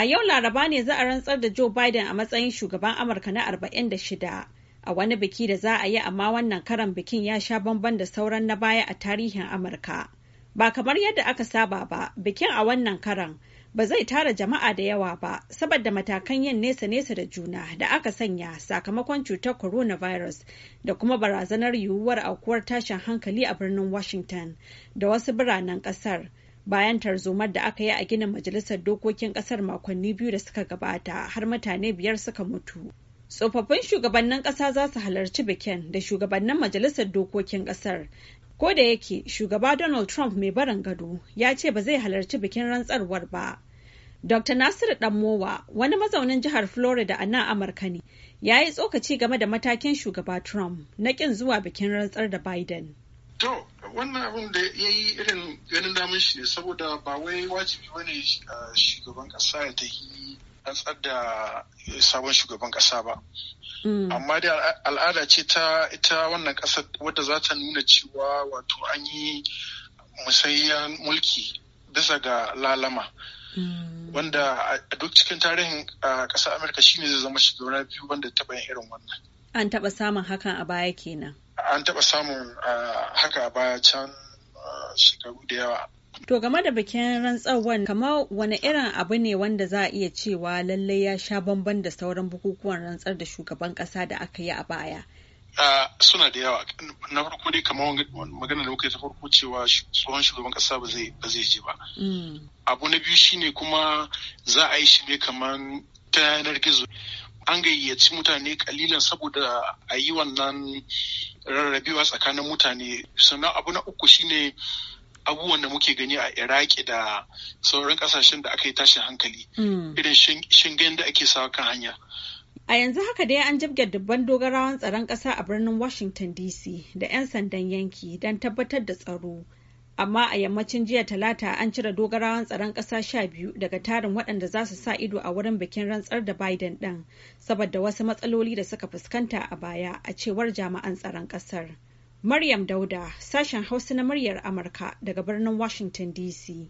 A yau Laraba ne za a rantsar da Joe Biden a matsayin shugaban Amurka na 46 a wani biki da za a yi amma wannan karan bikin ya sha bamban da sauran na baya a tarihin Amurka. Ba kamar yadda aka saba ba, bikin a wannan karan ba zai tara jama'a da yawa ba saboda matakan yin nesa-nesa da juna da aka sanya sakamakon cutar coronavirus da kuma barazanar yiwuwar aukuwar tashin hankali a birnin Washington da wasu biranen ƙasar. bayan tarzomar da aka yi a ginin majalisar dokokin kasar makonni biyu da suka gabata har mutane biyar suka mutu tsofaffin shugabannin kasa za su halarci bikin da shugabannin majalisar dokokin kasar ko da yake shugaba donald trump mai barin gado ya ce ba zai halarci bikin rantsarwar ba dr nasiru danmowa wani mazaunin jihar florida a nan amurka ne ya yi tsokaci game da matakin shugaba trump na ƙin zuwa bikin rantsar da biden ganin damun shi ne saboda ba wai wajibi bane shugaban kasa ya tafi rantsar da sabon shugaban kasa ba mm. amma dai al'ada ce ta ita wannan kasa wadda za ta nuna cewa wato an yi musayyan mulki bisa ga lalama mm. wanda a duk cikin tarihin kasar amurka shine zai zama shugaba biyu wanda taɓa yin irin wannan an taɓa samun hakan a baya kenan an taɓa samun haka a baya can shekaru da yawa. To game da bikin rantsarwar kamar wani irin abu ne wanda za a iya cewa lallai ya sha bamban da sauran bukukuwan rantsar da shugaban kasa da aka yi a baya. suna da yawa na farko dai kamar magana da muka yi ta farko cewa tsohon shugaban kasa ba zai je ba mm. abu na biyu shine kuma za a yi shi ne kamar ta yanar gizo an gayyaci mutane kalilan saboda a yi wannan rarrabewa tsakanin mutane sannan abu na uku shine abubuwan da muke gani a iraki da sauran kasashen da aka yi tashin hankali hmm. irin shingen da ake sawa kan hanya a yanzu haka dai an jibge dubban dogarawan tsaron ƙasa a birnin washington dc da 'yan sandan yanki don tabbatar da tsaro amma a yammacin jiya talata an cire dogarawan tsaron ƙasa sha biyu daga tarin waɗanda za su sa ido a wurin bikin rantsar da biden ɗin saboda wasu matsaloli da suka fuskanta a baya a cewar jami'an tsaron ƙasar maryam dauda sashen hausa na muryar amurka daga birnin washington dc